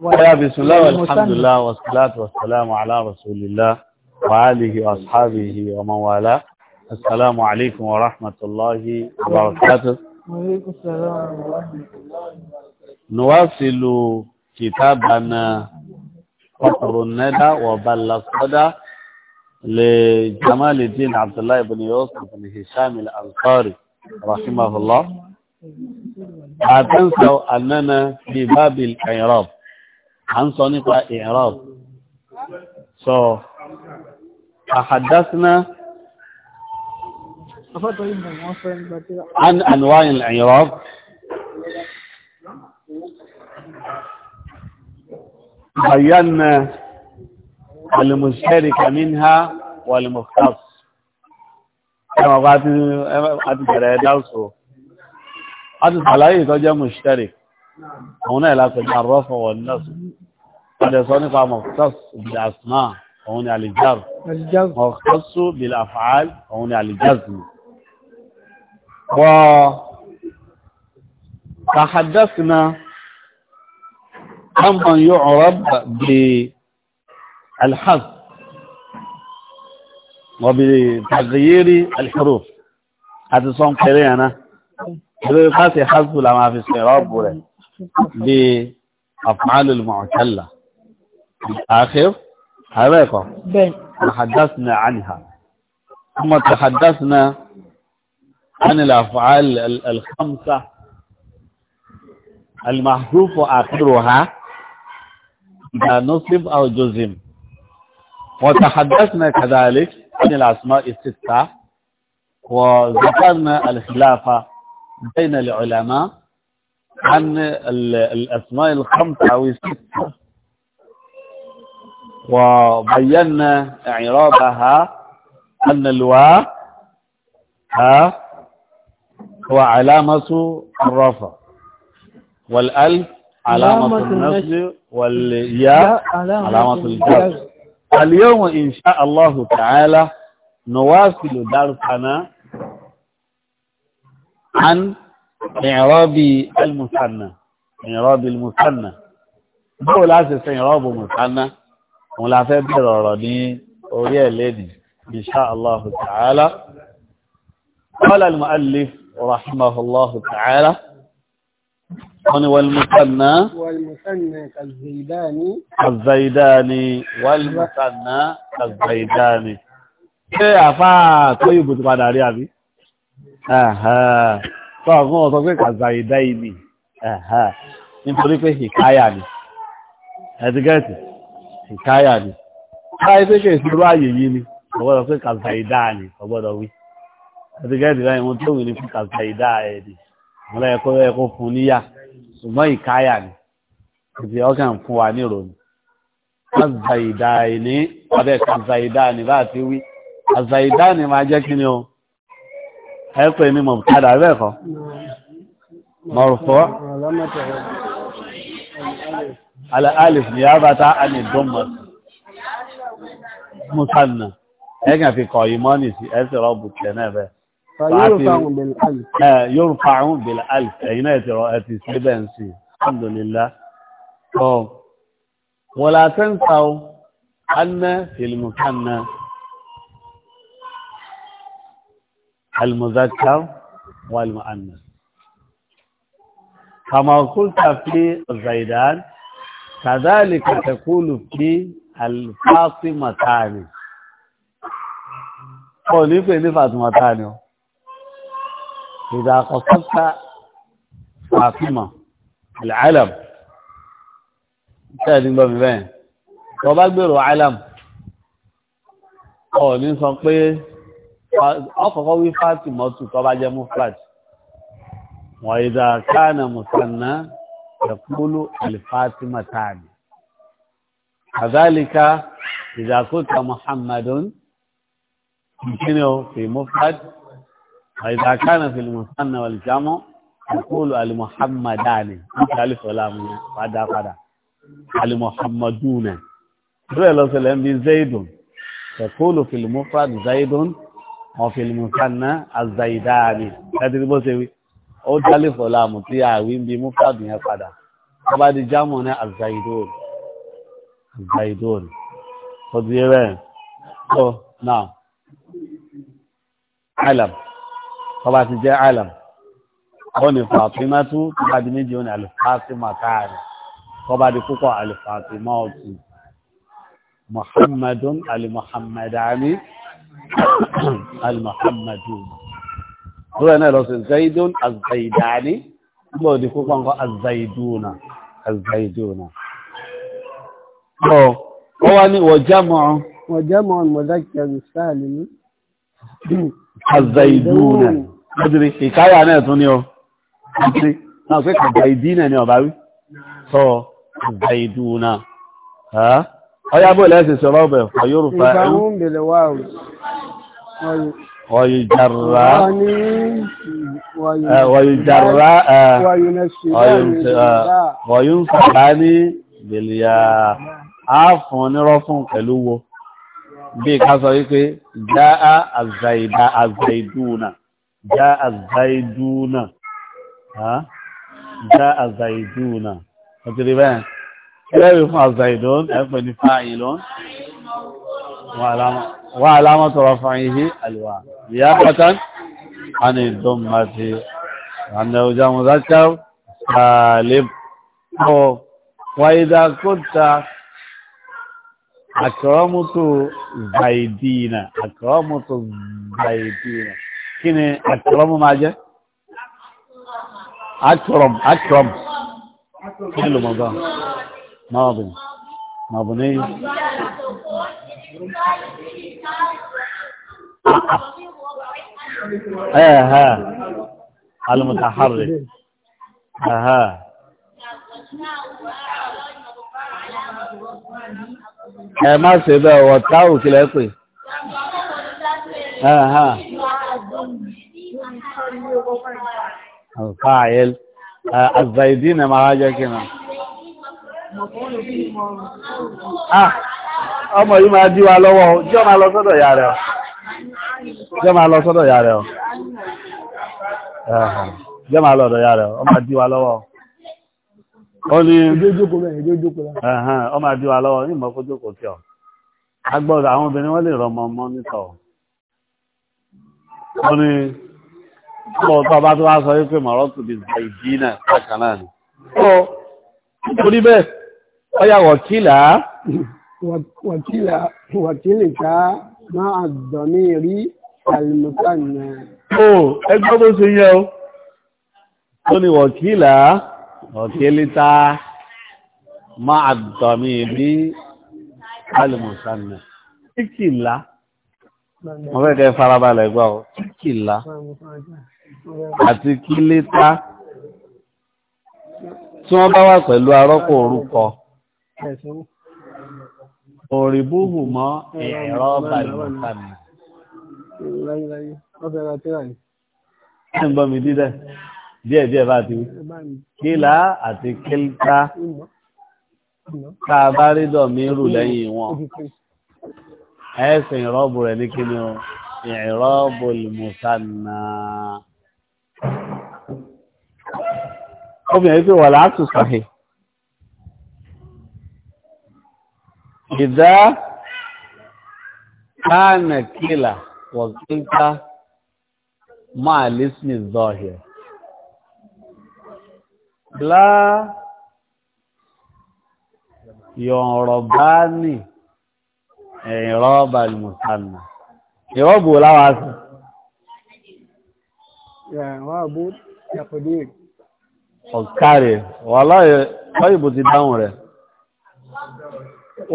ولا بسم الله والحمد لله والصلاة والسلام على رسول الله وآله وأصحابه ومن والاه السلام عليكم ورحمة الله وبركاته وعليكم السلام ورحمة الله نواصل كتابنا قطر الندى وبل الصدى لجمال الدين عبد الله بن يوسف بن هشام الأنصاري رحمه الله لا تنسوا أننا في باب الإعراب عن حنصنق إعراض so أحدثنا عن أنواع الإعراض بينا المشترك منها والمختص كما بعد بعد كده درسوا هذا الصلاة مشترك هنا لا تجعل الرفع والنصب قد يصنف مختص بالأسماء هون على الجر الجزم مختص بالأفعال هون على الجزم و تحدثنا عما يعرب بالحذف وبتغيير الحروف هذا صنف كريم أنا هذا يقاسي حذف لما في استيراد ولا بأفعال المعتلة آخر حريقة تحدثنا عنها ثم تحدثنا عن الأفعال الخمسة المحذوف آخرها نصب أو جزم وتحدثنا كذلك عن الأسماء الستة وذكرنا الخلافة بين العلماء عن الأسماء الخمسة أو الستة وبينا إعرابها أن الواء ها هو علامة الرفع والألف علامة النصب والياء علامة الجر اليوم إن شاء الله تعالى نواصل درسنا عن ìrọ́bì almusanna ìrọ́bì almusanna bóò láti sẹ ìrọ́bì musanna òun la fẹ́ bẹ̀rẹ̀ ọ̀rọ̀ ní orí ẹ̀ lẹ́nìí insha ta'ala قال المؤلف رحمه الله تعالى والمثنى والمثنى كالزيداني كالزيداني والمثنى كالزيداني ṣé àfáà tó yìí bùtù padà rí àbí? tó àwọn ọ̀sán pé kàzàyè dá ibi nítorí pé hìkáyà ni ẹ̀dígẹ́tì hìkáyà ni láì pé kè sí ráàyè yìí ni ọgbọ́dọ̀ pé kàzàyè dá ni ọgbọ́dọ̀ wí ẹ̀dígẹ́tì láì wọn tó wù ní fún kàzàyè dá ẹ̀ ni wọn lọ ẹ̀kọ́ ẹ̀kọ́ ni ìdí ọkàn fún ni ọdẹ kàzàyè هيبقى مين مبتدا عبافة مرفوع على ألف نيابة عن الضمة مثنى هيجا في قائمان سياسي رب الكنابة فيرفع بالألف آه، يرفع بالألف عينات رؤاتي سيبانسي الحمد لله ولا تنسوا أن في المثنى المذكر والمؤنث كما قلت في الزيدان كذلك تقول في الفاطمتان قولي في فاطمتان إذا قصدت فاطمة العلم تاني بابي باين وبقبل علم قولي صقيه ọkọ̀kọ́ wí fáàtì mọ́tù tó bá jẹ́ mufrat wọ́n ìdá káàna musanna yaqulu alifatima tani kàdálíkà ìdá kúta muhammadun kíni o fi mufrat wọ́n ìdá káàna fi musanna wal jamu yaqulu alimuhammadani níta alifọlámu padà padà alimuhammaduna bẹ́ẹ̀ lọ́sẹ̀lẹ̀ ń bi zaidun yaqulu fi mufrat zaidun. ọ̀fìlmùsánná àzàìdáàní ẹ̀dìrí bó ṣe wí ó jálè fọ̀láàmù tí àwí ń bi múkàdù yẹn padà tó bá di jámù ní àzàìdóòrì ó di rẹ̀ tó náà alam tó bá ti jẹ́ alam ó ní fàtímátú tó bá di méjì ó ní alifátímátáàrí tó bá di púpọ̀ alifátímáọ̀tù muhammadun alimuhammadani alimahamadu lórí ẹ̀ náà lọ sí zaidun azaidani gbọ́ di púpọ̀ nǹkan azaiduna azaiduna ọ ọ wá ní wọ̀jámọ̀ wọ̀jámọ̀ mọ̀dákẹ́rù sáà nínú azaiduna lọ́dúnrí ìkáyà náà tún azaiduna ha ọyá bó lẹ́sẹ̀ sọ̀rọ̀ ọbẹ̀ ọ̀yọ́rù fa ọ̀yún sàrá ní bèlìyà áàfún onírọ́fún pẹ̀lú wo bí ká sọ wípé já àzàìdúnà já àzàìdúnà já àzàìdúnà ọ̀tí rí bẹ́ẹ̀ ẹlẹ́rìí fún àzàìdún ẹ̀pẹ̀ ní fáìlún wà aláwọ̀ tọrọ fáìhí àlùwà ìyá pátán a ní ìdọ́mà ti ràndà ọjà mọ̀zákàr sàálẹ̀ pọ̀ wáyídá kóta àkọ́rọ́mùtò zaidina àkọ́rọ́mùtò zaidina kí ni àkọ́rọ́mù máa jẹ́ akọ́rọ̀m akọ́rọ̀m kí ni lùmọ̀gán ماضي ماضي اها آه. ها المتحرك اها آه. ها آه، ما سيبه وطاو كلاطي ها ها القائل الزايدين مهاجا كنا Ah, ọmọ yìí máa dí wa lọ́wọ́ jọ máa lọ sọ́dọ̀ ìyá rẹ̀ ọ́ jọ máa lọ sọ́dọ̀ ìyá rẹ̀ ọ́ jọ máa lọ́dọ̀ ìyá rẹ̀ ọ́ máa dí lọ́wọ́ ọ máa dí wa lọ́wọ́ ní ìmọ̀ ọ ọ̀yà wọ̀kílà. wọ̀kílà wọ̀kílìkà máa àdọ̀mí rí àlùmọ́sánà. ó ẹgbẹ́ bó ṣe yẹ o ó ní wọ̀kílà wọ̀kílìta máa àdọ̀mí rí àlùmọ́sánà. kíkìlá wọ́n fẹ́ kẹ́ farabalẹ̀ gbọ́ ọ kíkìlá àti kílítà tí wọ́n bá wà pẹ̀lú arọ́pò orúkọ òrìbúhù mọ́ ẹ̀rọ balùwàtàmì. Ẹ̀gbọ́n mi dídẹ̀, díẹ̀ díẹ̀ bá ti wí. Kílá àti kílká ká bá rí dọ̀mí rù lẹ́yìn wọn. Ẹ̀sìn ìrọ́bù rẹ̀ ní kíni o, ìrọ́bù lùmùsànà. Obìnrin tí wà látùsàhìn. ìdá kánà kílà wọ̀kíńtà máa lísìmì zọ́ọ̀hìẹ̀ lá yọ̀ọ̀rọ̀bánì ẹ̀rọ̀bà lùmùsànà ìrọ́bù láwá sí ọ̀kárẹ̀ wọ́lọ́ ìbò ti dáhùn rẹ̀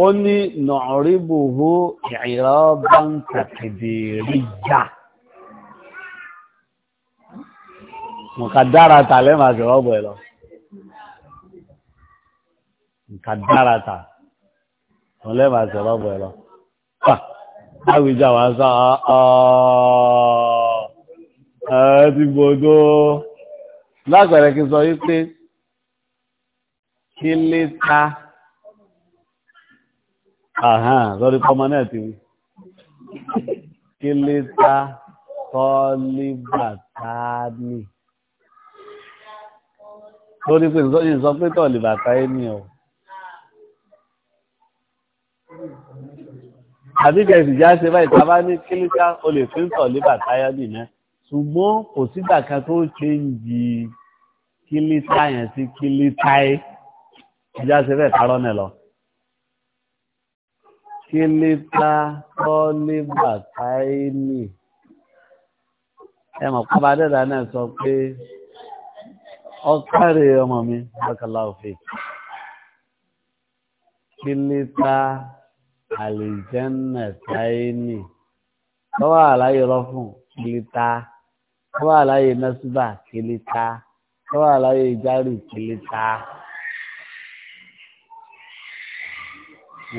ó ní nọ̀ríbùhú ìrọ̀bọ̀ntàkìdìríyà nǹkan dára ta lẹ́mà jọ̀rọ̀ bọ̀ ẹ̀ lọ nǹkan dára ta lẹ́mà jọ̀rọ̀ bọ̀ ẹ̀ lọ àwùjọ àwọn sọ ẹ ti gbogbo lágbẹ̀rẹ̀ kí n sọ wípé kí lè ta àhán lórí pọ́mọ náà ti wí kí lè ta tọ́líbàtà ní lórí pé ìsọ pé tọ́líbàtà yé ni o àbí kẹsì já ṣe báyìí tá a bá ní kílíkà o lè fi ń tọ́líbàtà yá nì náà ṣùgbọ́n kò sígbà kan tó ṣe ń di kílíkà yẹn sí kílíkà yìí ìjà bẹ́ẹ̀ kárọ́ lọ kílítà tọ́lébà táìlì ẹ mọ̀ kọ́ bá dẹ́dà náà sọ pé ọkàrẹ̀ ọmọ mi bákàlá òfin kílítà àlìjẹ́nà táìlì tọ́wọ́ àláyé rọ́fún kílítà tọ́wọ́ àláyé nẹ́sùbà kílítà tọ́wọ́ àláyé ìjárì kílítà.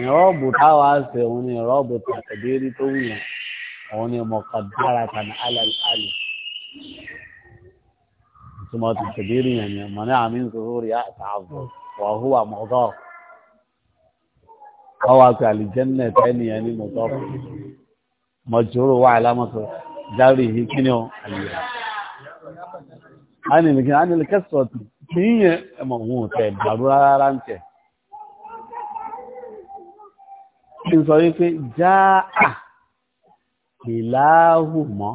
ìrọ́ọ̀bù táwa ṣe a ni ìrọ́ọ̀bù tàbí tó wù yẹn òun ni mọ̀kàdára tàbí alàlì ìtumọ̀ tàbí yẹn ni mọ̀ ní àmì ìṣòro rí àtàbọ̀ wàhúwà mọ̀gọ́ ọwọ́ àti àlìjẹ́nà tẹ́niyàn ní mọ̀tọ́ mọ̀jòrò wà lámọ́tọ́ dárí yìí ti sọ wípé jáà ìláhù mọ́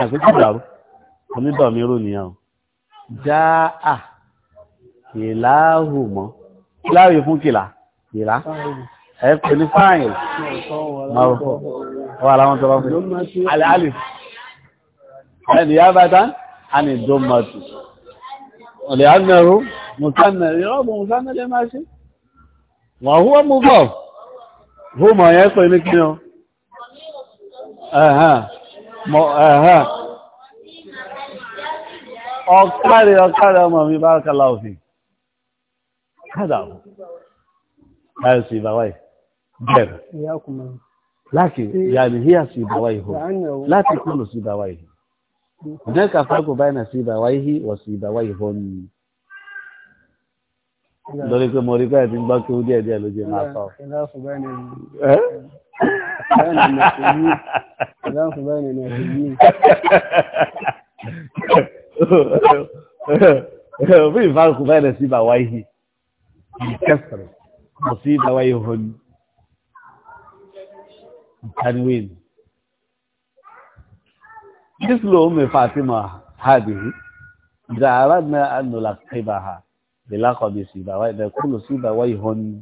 ẹ̀sùn ti dàrú onídọ̀mí rò nìyàn o jáà ìláhù mọ́ kíláàrí fún kìlà ìlà ẹ pè ní fáìn mọ́rọ̀ wà láwọn tó bá fún alẹ́ alẹ́ ẹni yá a àni dọ́mọ̀tì ọ̀lẹ́ àgbẹ̀rún mùsànnà ìrọ́bù mùsànnà lè máa ṣe wà húwọ́ mú bọ̀ húmọ̀ yẹn pè ní kí ni ọ̀kárẹ̀ ọ̀kárẹ̀ ọmọ mi bá kàlá òfin kádàwó láì sí ìbáwáì bẹ̀rẹ̀ láti yàmì híyà sí ìbáwáì hù láti kúrò sí ìbáwáì hù nẹ́kà fákò báyìí na sí ìbáwáì hì wọ̀ sí ìbáwáì hù nìí lórí pé mo rí pé ẹ̀sìn gbọ́ kí ó díẹ̀ díẹ̀ ló jẹ́ máa sọ. Bí ìfàkùn bẹ́ẹ̀ lè sí bàwá yìí, ìkẹsìrì, kò sí bàwá yìí hàn ìtàníwìn. Bísí lòun mẹ́fà àti mọ̀ hàbìrì, ìdá àrádìí náà ànúlà kébà ha bílákọ̀bí sìbáwáì bẹ̀kúlù sìbáwáì hàn ní.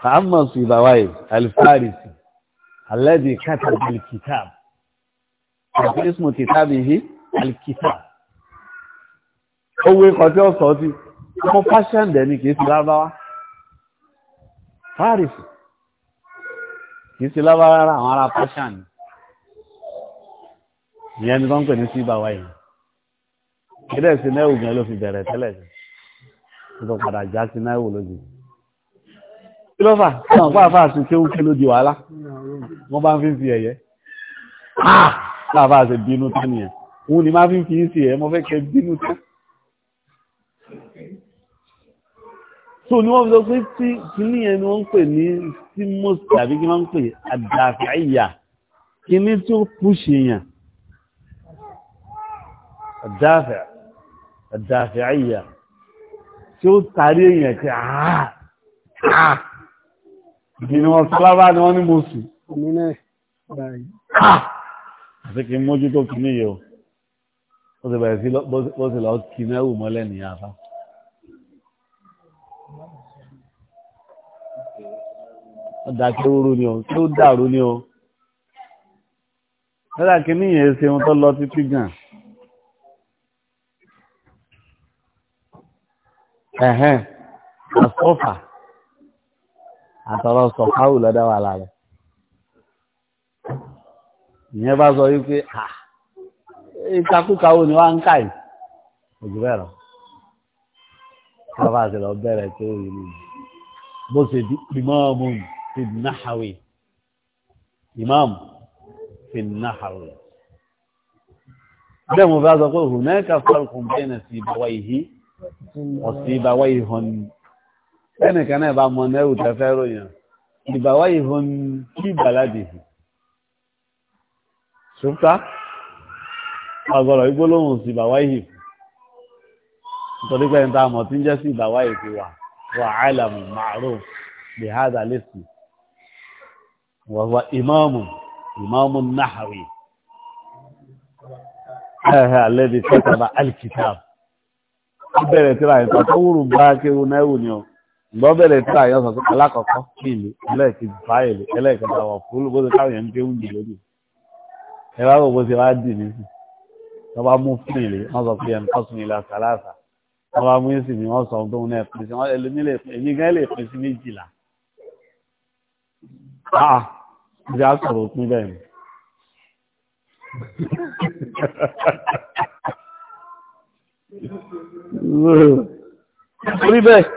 fàámà sìbáwáì alifárìsì alẹ́dì kàtà alkitab àfẹ́sùn kìtàbì yìí alkitab owó ikọ̀ tí ó sọ sí ọmọ fáṣẹ́ǹdẹ̀ ni kìí sí lábáwá fárìsì kìí sí lábáwá rárá àwọn ará fáṣẹ́ǹdẹ̀ ìyẹn ni wọ́n ń pè ní síbáwáì kìdẹ̀ sí mẹ́wùgán ló fi bẹ̀rẹ̀ tẹ́lẹ̀ sí tó padà já sí náírà lójijì kí ló fà náà fún àfáà sí kéwú ké ló di wàhálà wọ́n bá ń fi fi ẹ̀yẹ láàfáà ah! sí bínú tán nìyẹn òun ni má fi fi ń sí ẹ̀ mọ́ fẹ́ kẹ bínú tán tó ní wọ́n fi sọ pé tí kìíní yẹn ni wọ́n ń pè ní símọ́s tàbí kí wọ́n ń pè àdàfàìyà kìíní tó púṣì yàn àdàfàìyà tí ó tàrí èèyàn tí àá ah, àá ah. ìdínà wọn sálábà ni wọ́n ní mo sì omi náà báyìí ah! àti kí n mójú tó kì ní yẹ o ó sì bẹ̀rẹ̀ sí bó sì lọ kì náà wù mọ́lẹ̀ ní afá ó kéwúrú ni o tí ó dàrú ni o ó dá kí níyẹn ṣe ohun tó lọ títí gan-an. ẹ̀hẹ́n àsọ́fà àtọ̀rọ̀ sọ̀fáwù lọ́dọ̀ wà lára ìyẹn bá sọ wípé à ìkakúkawó ni wá ń kà yìí òjò bẹ́ẹ̀ lọ bàbá àti lọ bẹ̀rẹ̀ tó yìí ni bó ṣe di ìmáàmù fi náhàwé ìmáàmù fi náhàwé bẹ́ẹ̀ mo bá sọ pé hùnẹ́ẹ̀ka fọ́ọ̀kùn bẹ́ẹ̀ nà sí ìbọ̀wá yìí ọ̀sì ìbáwá ìhàn ẹnìkan náà bá mọ nẹ́rù tẹ́fẹ́ ròyìn ìbáwá ìhàn kí ìgbàládì ṣùgbọ́n ọgọ́rọ̀ ìgbólóhùn sí ìbáwá ìhàn nítorí pé níta àmọ̀ tí ń jẹ́ sí ìbáwá ìhàn wà wà áìlàmù màrún bí lẹ́sì wà wà ìmáàmù ìmáàmù náhàwì alladhi kataba alkitab bẹ̀rẹ̀ tíra yẹn tó wúrù bá kéwu náírù ni ọ gbọ́ bẹ̀rẹ̀ tíra yẹn sọ̀tún alákọ̀ọ́kọ́ kíìlì ẹlẹ́ẹ̀kejì fáìlì ẹlẹ́ẹ̀kẹta wọ̀ fún bó ti káwọn yẹn ń gbé wúndì lónìí ẹ bá wò bó ti wá dì nísì wọ́n bá mú fíìlì wọ́n sọ pé ẹn tọ́sùn ilẹ̀ àkàlàsà wọ́n bá mú èsì mi wọ́n sọ ohun Orí bẹ́ẹ̀.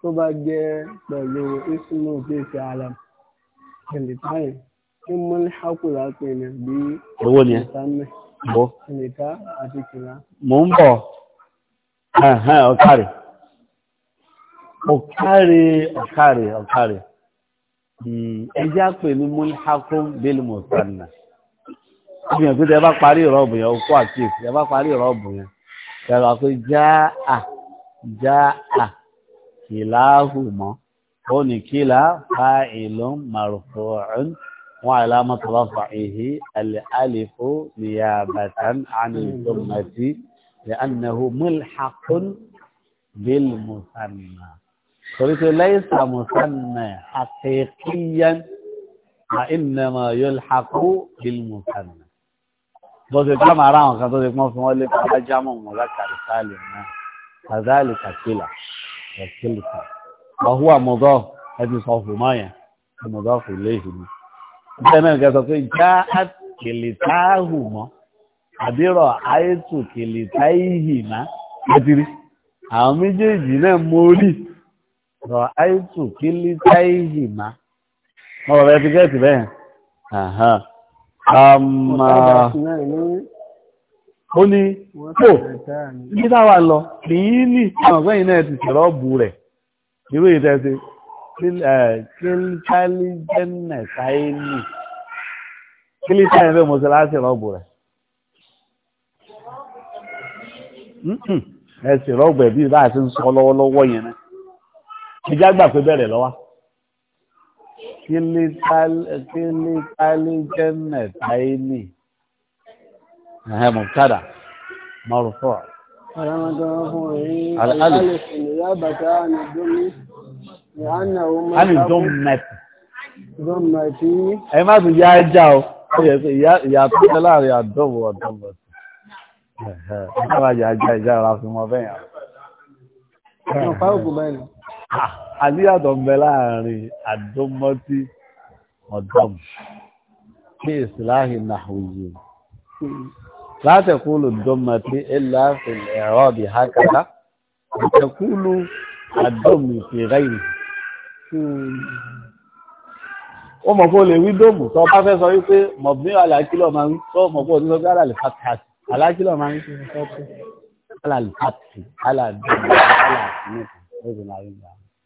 Tó bá jẹ́ pẹ̀lú ìsúnmọ̀ ìgbésẹ̀ alam, ẹ̀lẹ̀ táyì, kí mọ́ ní hákù láti ẹ̀nà bí owó ni ẹ̀. Ẹ̀lẹ̀ tá àti kìlá. Mò ń bọ̀. Ọ̀kárì. Ọ̀kárì, ọ̀kárì, ọ̀kárì. Hmm, Ẹjá pè mọ́ ní hákù bílmọ̀ sánà ibi yẹn pété ẹ bá parí ìrọ́bù yẹn okó àkíyèsí ẹ bá parí ìrọ́bù yẹn ṣẹlẹ̀ pé já à já à kìlá hùmọ́ ó ní kìlá fa ìlú marfu'un wọn àìlámọ́ tọ́lá fa ìhí àlìfò niyabatan àni ìdọ́mọ̀tì lẹ́ànàhù mulhaqun bil musanna torí pé laysa musanna haqiqiyan ma innama yulhaqu bil musanna bó ṣe ká máa ra àwọn kan tó ṣe pọ́n fún wọn lé fún ajámọ̀ wọn lákàrí sáàlì náà kàzáàlì kàkílà kàkílìkà ọ̀hún àmọ̀dọ́ ẹbí sọ fún mọ́ yẹn àmọ̀dọ́ fún ilé ìhìnú. bẹ́ẹ̀ náà kẹsàn pé já kìlìtáhù mọ́ àbírọ̀ àìsù kìlìtáìhì má kẹtìrí àwọn méjèèjì náà mórí rọ̀ àìsù kìlìtáìhì má. ọ̀rọ̀ ẹ ti Um, uh, ó ní tó oh, ibi táwà lọ kìí ní ọ̀gbẹ́yìn náà ti ṣẹ̀rọ̀ bù rẹ̀ irú ìtẹ́sí kílítàlíjẹ́nà sáyẹ́nì kílítàlíjẹ́nà fẹ́ mọ́sálásí rọ́bù rẹ̀ ẹ̀sì rọ́bù ẹ̀ bí bá a ti ń sọ lọ́wọ́lọ́wọ́ yẹn náà ìjágbà pé bẹ̀rẹ̀ lọ́wọ́ kílítálí jẹ́nẹ̀ táìní ẹ̀hẹ́ mọ̀tádà mọ̀rùfọ́ ẹ má tún yá ẹjá o ìyàtọ̀ tẹ́ láàrin àdọ́bọ̀ ọ̀dọ́bọ̀ ẹ̀hẹ́ ẹ̀hẹ́ ẹ̀hẹ́ ẹ̀hẹ́ ẹ̀hẹ́ ẹ̀hẹ́ ẹ̀hẹ́ ẹ̀hẹ́ ẹ̀hẹ́ àníyàtọ̀ ń bẹ láàrin àdómọ́tí ọ̀dọ́m kí ìsìláhì nàhùyè látẹ̀kúlù dọ́mọ̀tí ẹ̀là ẹ̀rọ ọ̀dì hákàtà látẹ̀kúlù àdómì fìrẹ́yìn ó mọ̀ kó lè wí dóòmù tó bá fẹ́ sọ wípé mọ̀bí alákìlọ̀ máa ń tó mọ̀ kó ní sọ pé alàlè pàtàkì alákìlọ̀ máa ń sọ pé alàlè alàdóòmù alàdóòmù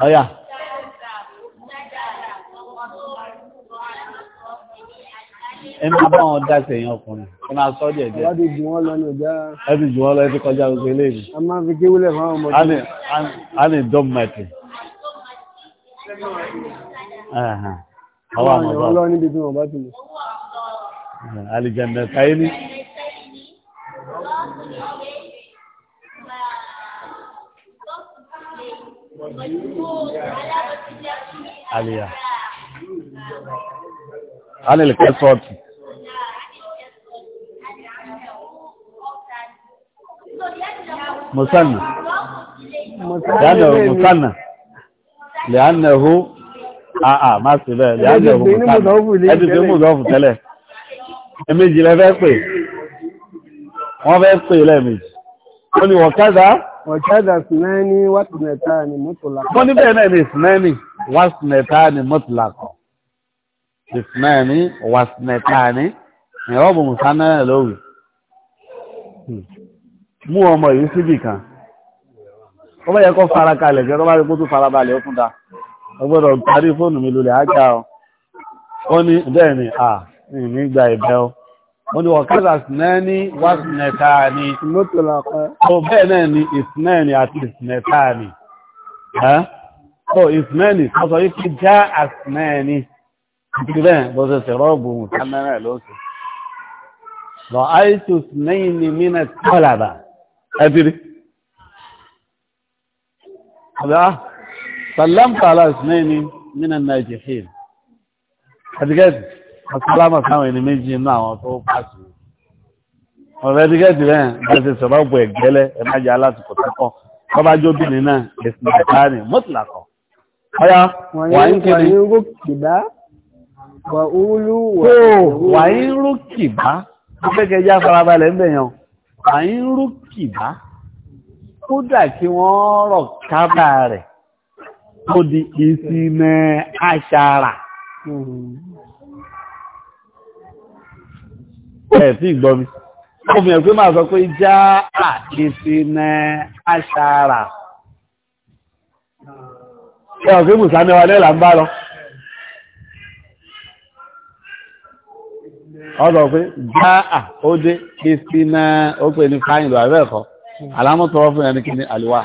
ọ̀yà. ẹ máa bá wọn dáṣẹ yẹn ọkùnrin ẹ máa sọ díẹ̀ díẹ̀. láti jù wọn lọ ní ọjà. ẹ ti jù wọn lọ ẹ ti kọjá gbogbo eléyìí. a máa fi kéwúlẹ̀ fún àwọn ọmọdé. a ní dọ́mẹ̀tì. ọwọ́ àmọ́ bá. ọlọ́run níbi tí wọ́n bá ti lè. alìjẹ̀ndẹ̀ káyé ní. Thank àlèyà alẹ́lẹ̀kẹ́ sọ́ọ̀tì musanna lẹ́yìn musanna lẹ́yìn ẹ̀hó àà má sí bẹ́ẹ̀ lẹ́yìn ẹ̀hó musanna ẹ̀dì tí ó mú ìdọ́fù tẹ́lẹ̀ ẹ̀mẹ́jì lẹ́fẹ́ pè wọ́n fẹ́ pè lẹ́ẹ̀mẹ́jì ó ní wọ̀kádà wọ̀kádà sinẹ́ni wátìmẹ̀ta ni mọ́tò lápá واثنتان مطلقا اثنان واثنتان ìrọ́bù mùsánà lórí mú ọmọ yìí síbì kan ó bá yẹ kó fara kalẹ̀ jẹ́ tó bá rí kó tó fara balẹ̀ ó fún da ọgbọ́dọ̀ parí fóònù mi lulẹ̀ ájá ọ ó ní bẹ́ẹ̀ ni à ní gba ìbẹ́ ọ ó ní ọ̀kadà sinẹ́ni wàsínẹ́ta ni ó bẹ́ẹ̀ náà ni ìsinẹ́ni àti ìsinẹ́ta ni ọ̀ ìsmẹ́ni sọ́sọ́ yìí fi já àsmẹ́ni ti bẹ́ẹ̀ bó ṣe ṣe rọ́ọ̀bù kámẹ́rà lóṣù lọ àìsù smẹ́yìn ni mínà tọ́làbà ẹbírí ọ̀dá sàlámpà àlà smẹ́yìn ni mínà nàìjíríà àdìgẹ́dì àsàlámà sáwọn ẹni méjì inú àwọn tó pàṣẹ ọ̀rẹ́ àdìgẹ́dì bẹ́ẹ̀ bó ṣe ṣe rọ́ọ̀bù ẹ̀gẹ́lẹ́ ẹ̀ jẹ́ alátùkọ̀ tẹ́kọ̀ọ́ ọ̀yá wà ń kiri wà ń rú kìbá afẹ́kẹ́ já farabalẹ̀ ń bẹ̀yàn wà ń rú kìbá kódà kí wọ́n rọ̀ kábà rẹ̀ tó di ìsinmi aṣara ẹ̀ sí ìgbọ́mi ó fi hàn pé máa sọ pé já àìsinmi aṣara ẹ̀wọ̀n pé mùsà mẹ́wàá lẹ́là ń bá lọ ọ̀sọ̀ pé jáà ó dé kìsí náà ó pè ní fáyìnlò àbẹ́ẹ̀kọ́ alámọ́tọ́wọ́ fún ẹni kí ní àlìwá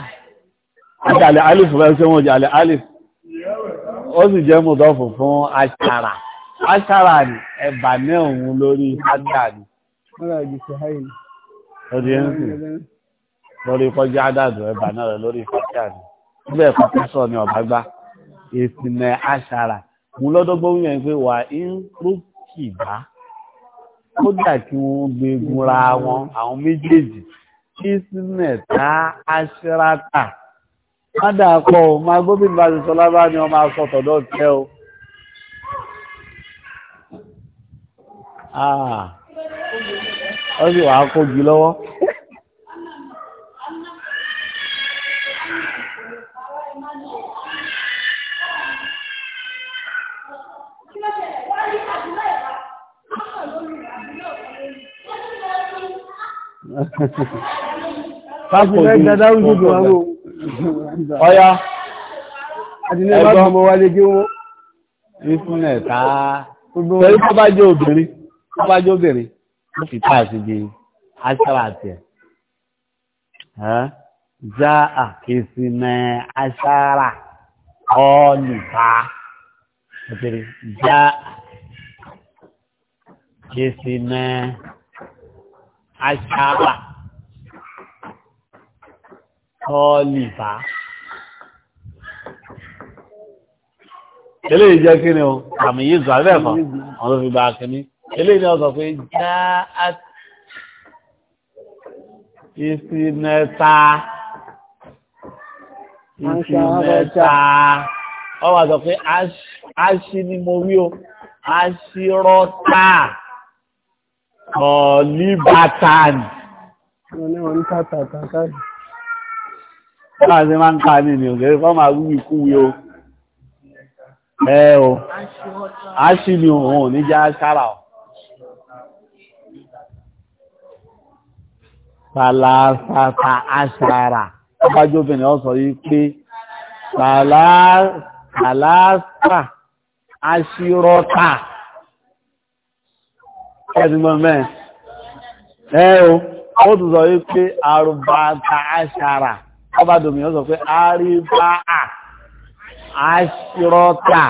àti àlẹ́ alif rẹ̀ ṣe wọ́n jẹ́ àlẹ́ alif ó sì jẹ́ mùtọ́fù fún aṣára aṣára ni ẹ̀bà ní òun lórí ádà ni lórí kọjá ádà lórí ẹ̀bà náà lórí fáyà ni bẹ́ẹ̀ pàtẹ́sọ̀ ni ọ̀bá gbá ìsìnà àṣàrà mú lọ́dọ́gbọ́n yẹn pé wà ń rókì bá kódà kí wọ́n gbégun ra wọn àwọn méjèèjì ìsìnà tá àṣàrà tà má dàá pọ̀ o máa gómìnà bá ti sọ lábá ni wọ́n máa tọ̀dọ̀ tẹ́ o. ó ah. sì wàá kó gi lọ́wọ́. Pápọ̀ ojú ọ̀yá. Adìlẹ́ bá gbọmọ wá lé gé wọ́n. Ìfúnlẹ̀ táá. Pẹ̀lú tó bá jẹ́ obìnrin, tó bá jẹ́ obìnrin, ó fi táà sí di aṣára àti ẹ̀. Já àkísímẹ́ aṣára ọ̀nìfà. Òkèrè, já àkísímẹ́ aṣára àṣàbà tọ́lìbá. eléyìí jẹ́ kí ni o àmì yìí zọ abẹ́ ẹ̀kọ́ wọn ló fi bá a kìíní eléyìí ni wọ́n sọ pé já ìsinẹta ìsinẹta wọ́n wá sọ pé aṣí ni mo rí o aṣírọ́ta. Ọ̀líbátán. Báà sí máa ń ká ní ìlú òkèrè fọ́n máa wúwí kúwí o. Ẹ o, aṣí ni òun ò ní jẹ́ aṣára o. Sàlásàtà aṣára. Ọbájú obìnrin ọ sọ yí pé sàlásà aṣírọ́tà ẹ̀dùnmọ̀ mẹ́rin ẹ̀ o ó tún sọ wípé àrùbáta àṣàrà ọba domi ó sọ pé àríbá àṣírọ́ta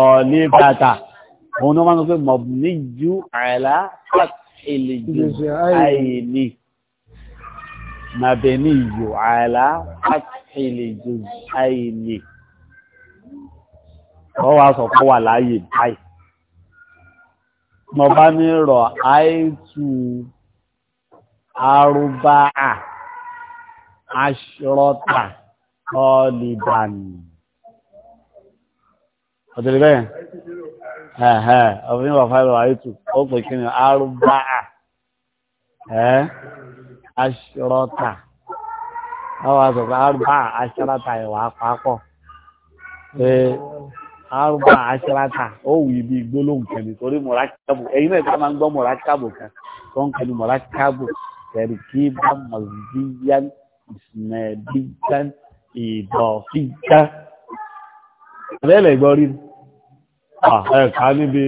ọ̀ní bàtà òun náà máa ń sọ pé àìlá àìlèjì àìní màbẹ̀ní àìlá àìlèjì àìní wọ́n wá wà láàyè báyìí mo bá ní rọ̀ àìtù arúbáà aṣọ́rọ́tà ọ̀lìbàní. ọ̀tẹ̀lẹ̀ arụba a ni arúbáà a aṣọ́rọ́tà ọwọ́ àṣọ́rọ́tà ìwà àpapọ̀ arúgbó àṣírata ó wù ibi gbólóhùn kẹni torí mọ̀rákàbù ẹ̀yin náà ìta máa ń gbọ́ mọ̀rákàbù kan tó ń kẹni mọ̀rákàbù tẹ̀ríkìbá mọ̀zíyán ìsìnàdíján ìdọ̀fíjá. àbẹ́lẹ̀ ìgbọ́ rí ni ẹ̀ka níbi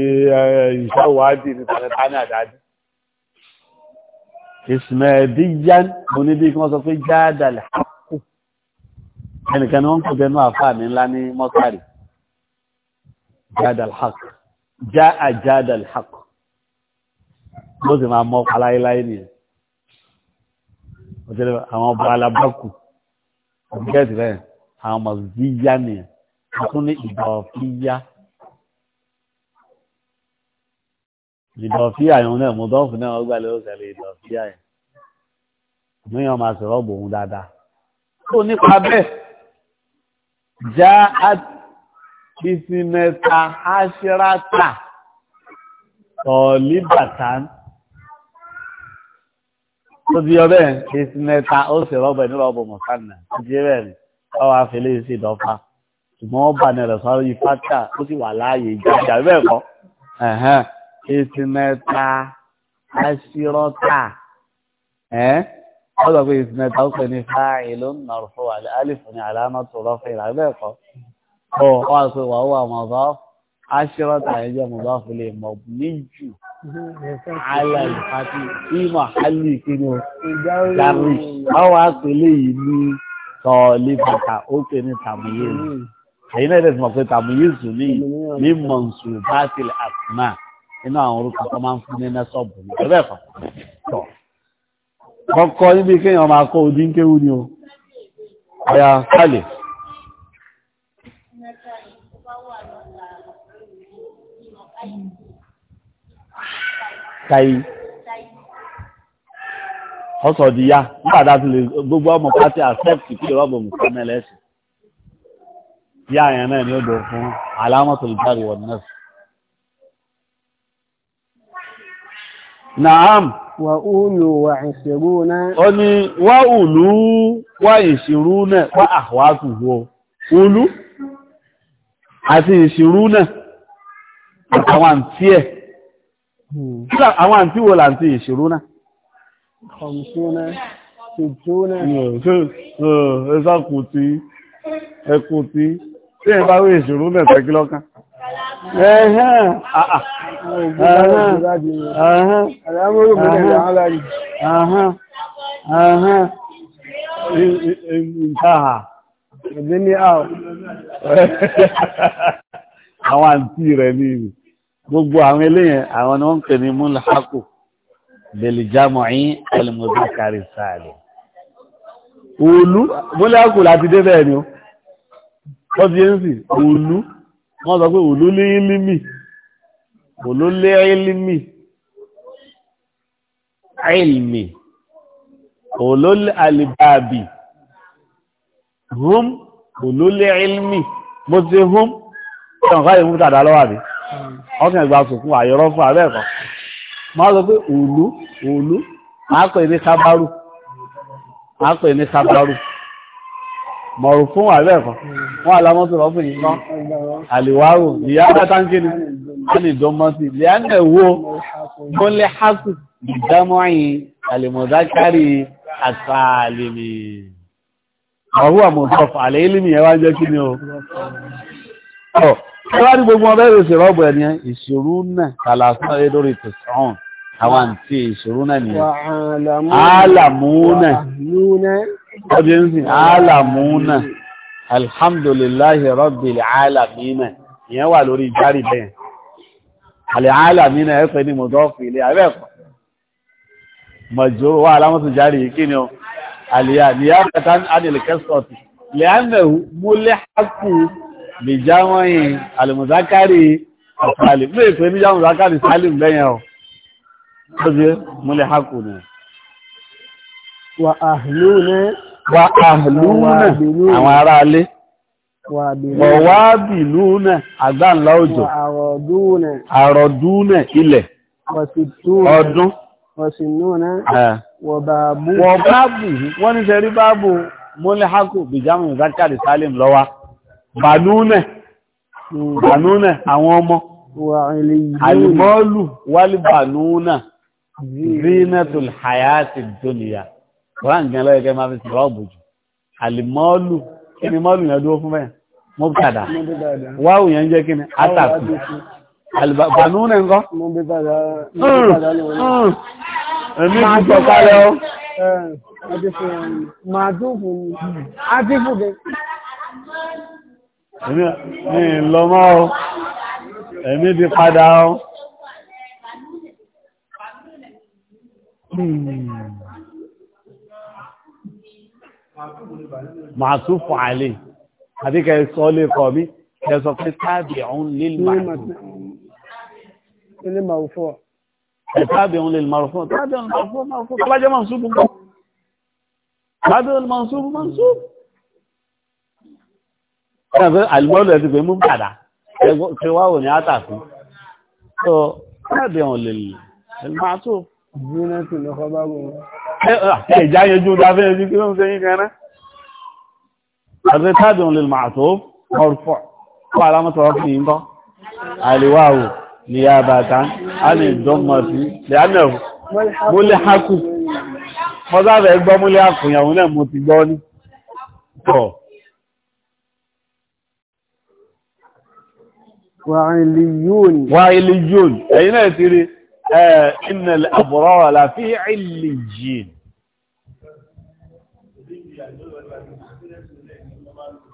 ìṣàwádìí ní tàlẹ́tàní àdáni. ìsìnàdíján mo ní bí wọ́n sọ pé jáàdàlẹ̀ ẹnìkan ni wọ́n ń kọ́ bẹnu àfáà jádàl haq já a jádàl haq ló sì máa mọ́ aláìláì nìyẹn ọjọ́ àwọn ọba alábákù ọ̀gẹ́dì rẹ̀ àwọn ọmọ yíyá nìyẹn tún ní ìdọ̀fíyá ìdọ̀fíyá yẹn náà mo dọ́fù náà ọgbà lè ọ̀sẹ̀lẹ̀ ìdọ̀fíyá yẹn míyàn máa sọ̀rọ̀ bò ń dáadáa tó nípa bẹ́ẹ̀ já àt ìsìnmẹ̀ta aṣírátà tọ̀líbàtán tó ti yọ bẹ́ẹ̀ ìsìnmẹ̀ta ó sì rọ́bọ̀ ní rọ́bọ̀ mọ̀kánà tó ti yẹ bẹ́ẹ̀ ni ọwọ́ afẹ́lẹ́ sí ìdọ́fà ṣùgbọ́n ó bà nílẹ̀ sọ́rọ̀ yìí fátà ó sì wà láàyè ìjọba bẹ́ẹ̀ kọ́ ìsìnmẹ̀ta aṣírátà ẹ́ ọ̀dọ̀ pé ìsìnmẹ̀ta ó pè ní fáìlú nàrúfọ́ àlẹ́ àlìfù ní àlámọ́tò rọ́fẹ́ ìlàgbẹ́ẹ̀kọ́ ọ ọ àti wàhùwà mọ̀bá aṣírọ́tà ẹ̀jẹ̀ mọ̀bá fúlẹ̀ mọ̀bù ní jù alàlì àti ìmọ̀ àlì ìkíni o dàrí báwa àpèlé yìí ní tọ́ọ̀lì bàtà ó pè ní tàmúyé rẹ̀ hmm. èyí náà dẹ̀sí mọ̀ pé tàmúyé zù ní ní mọ̀nsù bátìlì àtìmá inú àwọn orúkọ tó máa ń fún ní nẹ́sọ̀bù ní ẹ̀rẹ́ ẹ̀fọ́ tọ̀ kọ́kọ́ níbi kéèyàn máa kọ́ òdínkéwú ni o ọ̀yà kálẹ̀. ọsọ dị ya ti lè gbogbo ọmọ pátí accept kí ìrọ́bù mùsùlùmí ẹlẹ́sìn ya àyàn náà ni ó dọ̀ ala alámọ̀tò ìjáde wọ̀n náà naam wà wa wà wa náà ó ní wà úlù ulu àti ìṣirú náà àtàwọn Kílà àwọn àǹtí wo làǹtí ìṣòro náà? Kọ̀mùsúnà, ṣùgbọ́nà. Ẹ sákùn tí, ẹkùn tí, tí ẹ bá wé ìṣòro náà tẹ́kí lọ́kàn. Ẹ̀hẹ́n, àà. Ẹ̀hẹ́n, àà. Àwọn àǹtí rẹ̀ ní ìlú gbogbo àwọn eléyìn àwọn ni wọ́n ń pè ní múlùhákù bèlìjámọ̀í alìmọ̀dúkàrí sáàlẹ̀ òòlú múlùhákù láti dé bẹ́ẹ̀ ni ó wọ́n ti yẹn sì òòlú wọ́n sọ pé òòlú lé ilimi òòlú lé ilimi ilmi òòlú alìbàbì hum òòlú lé ilmi mo ti hum ṣe nǹkan ìmúta dá lọ́wọ́ àbí ọkàn ìgbà sùkún àyọ̀rọ̀ fún abẹ́ ẹ̀kọ́ máa sọ pé òòlù òòlù máa pè ní sábárù máa pè ní sábárù mọ̀rù fún abẹ́ ẹ̀kọ́ wọ́n alámọ́sọ lọ́pù yìí tán àlèwárò ìyá bàtà ń kéde wọ́n ní ìdánmọ́sí lẹ́yìn ẹ̀wọ́ tó lé hásù ìdámọ́yìn àlèmọ̀dákárì àtàlèmì ọ̀húwà mọ̀tọ́fà àlè ilé mi yẹn wá jẹ́ kí ni o. Ẹwárí gbogbo ọbẹ̀ rẹ̀ ṣe rọ́bù ẹni ìṣòro náà kàlàsán rẹ̀ lórí tẹ̀sán àwọn àǹtí ìṣòro náà nìyẹn. Àlàmúnà. Ọdún ń sìn àlàmúnà. Alhamdulillahi Rabbil Alamina. Ìyẹn wà lórí járì bẹ́ẹ̀. Àlẹ́ Alamina ní Mọ̀dọ́fì bìjáwọ́yìn alìmùsákàrí àtàlì mú èpè ní jáwùsákàrí sálìm lẹ́yìn ọ̀ tó bí múlẹ̀ hákù ní wà áhìlú ní àwọn ará alé wọ̀ wá bìlú ní àgbàǹlá òjò àrọ̀dú ní ilẹ̀ ọdún wọ̀ báàbù wọ́n ní sẹ́rí báàbù múlẹ̀ hákù bìjáwùsákàrí sálìm lọ́wọ́ bànúnẹ̀ bànúnẹ̀ àwọn ọmọ alìmọ́lù wálì bànúnà zinatul hayati dunya quran gan lọ́yẹ̀ kẹ́ máa fi sọ̀rọ̀ bùjù alìmọ́lù kí ni mọ́lù yẹn dúró fún bẹ́ẹ̀ mọ́bùtàdà wáwù yẹn jẹ́ kí ni atàkù bànúnẹ̀ ńkọ́ ẹ̀mí ti sọ̀kalẹ̀ ọ́ Màdúfù ni, Adífù ni, ní ìlọ́mọ́ o ẹ̀mí ti padà o hmm. màtúfù àlè àti kẹsọ́ lè kọ̀ mí kẹsọ́ pé tábì ọ̀hún lè màtúfù تابع للمرفوع تابع للمرفوع مرفوع طلع منصوب مرفوع تابع للمنصوب منصوب ẹgbẹ́ àlùmọ́lù ẹ̀ ti pè mú padà ṣe wá wò ní àtàkùn tó káàdì ọ̀hún lè lè ẹ̀lùmọ́ àtò ìgbóná sí lọ́kọ́ bá gbọ́n ẹ̀já yẹjú dáfẹ́ ẹjú kí ló ń ṣe yín kẹrẹ ẹgbẹ́ káàdì ọ̀hún lè mà tó ọ̀rùfọ̀ kó alámọ́tò ọ̀fìn yín وعليون وعليون اي أين يتري إن الأبرار لا في عليين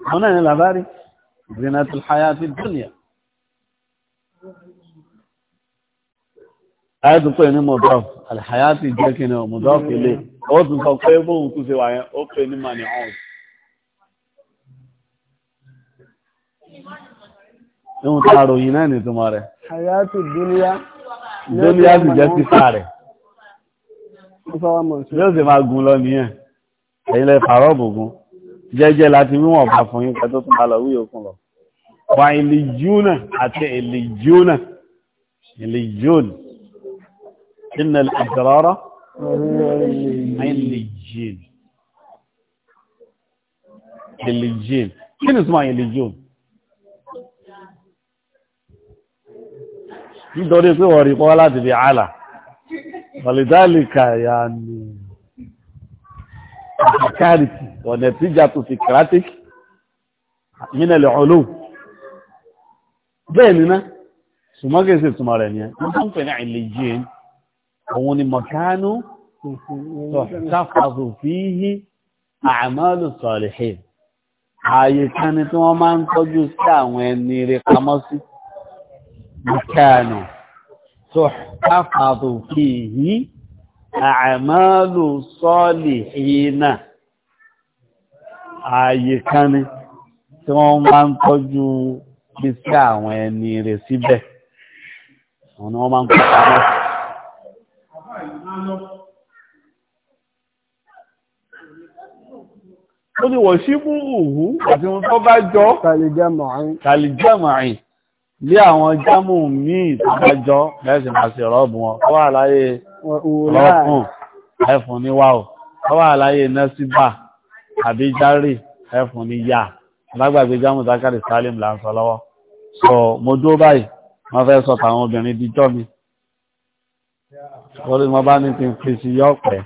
هنا هنا العباري زناة الحياة الدنيا هذا هو مضاف الحياة الدنيا مضاف إليه أوضن فوقيبه وكوزي وعيان أوقي نماني عوض ohun tá a ròyìn náà nìtumọ̀ rẹ̀ hayatu dúníyà dúníyà sì jẹ́ títà rẹ̀ yóò sì máa gun lọ nìyẹn ẹ̀yin lẹ fàárọ̀ bògún jẹ́jẹ́ láti wíwọ̀n bá fún yín pẹ̀tọ́ tó bá lọ wí òkun lọ wà ìlìjúnà àti ìlìjúnà ìlìjún iná ìdọ̀rọ̀rọ̀ ìlìjìn ìlìjìn kí ni túmọ̀ ìlìjún nítorí pé wọ́n rí pọ́ láti bí àlà ọ̀lẹ́dálìkà ya ni ọ̀kàkàrìtì ọ̀nà tíjà tó fi kratik yínẹ̀lẹ̀ ọlọ́ bẹ́ẹ̀ nínú ṣùgbọ́n sí ìtumọ̀ rẹ̀ nìyẹn wọ́n tó ń pè ní àìlèjì òun مكان تحفظ فيه أعمال الصالحين ààyè kan ni tí wọ́n máa ń tọ́jú iṣẹ́ àwọn ẹni rẹ̀ síbẹ̀ wọn ni wọ́n máa ń kọ́ pamọ́. ó ní wọ̀ṣíbù òhù àti wọn tó bá jọ kàlìjàmọ̀ àìn bí àwọn jámù míì tàbájọ́ mẹ́sìn àti rọ́ọ̀bù wọn tó wà láyé rọ́ọ̀kùn ẹfùn ní wáò tó wà láyé nẹ́síbà àbí járì ẹfùn ní yà lágbàgbé jámù Zakari Salim là ń sọ lọ́wọ́ sọ mo dúró báyìí wọ́n fẹ́ sọ tàwọn obìnrin díjọ́ mi orí wọn bá ní ti fi sí yọ̀pẹ̀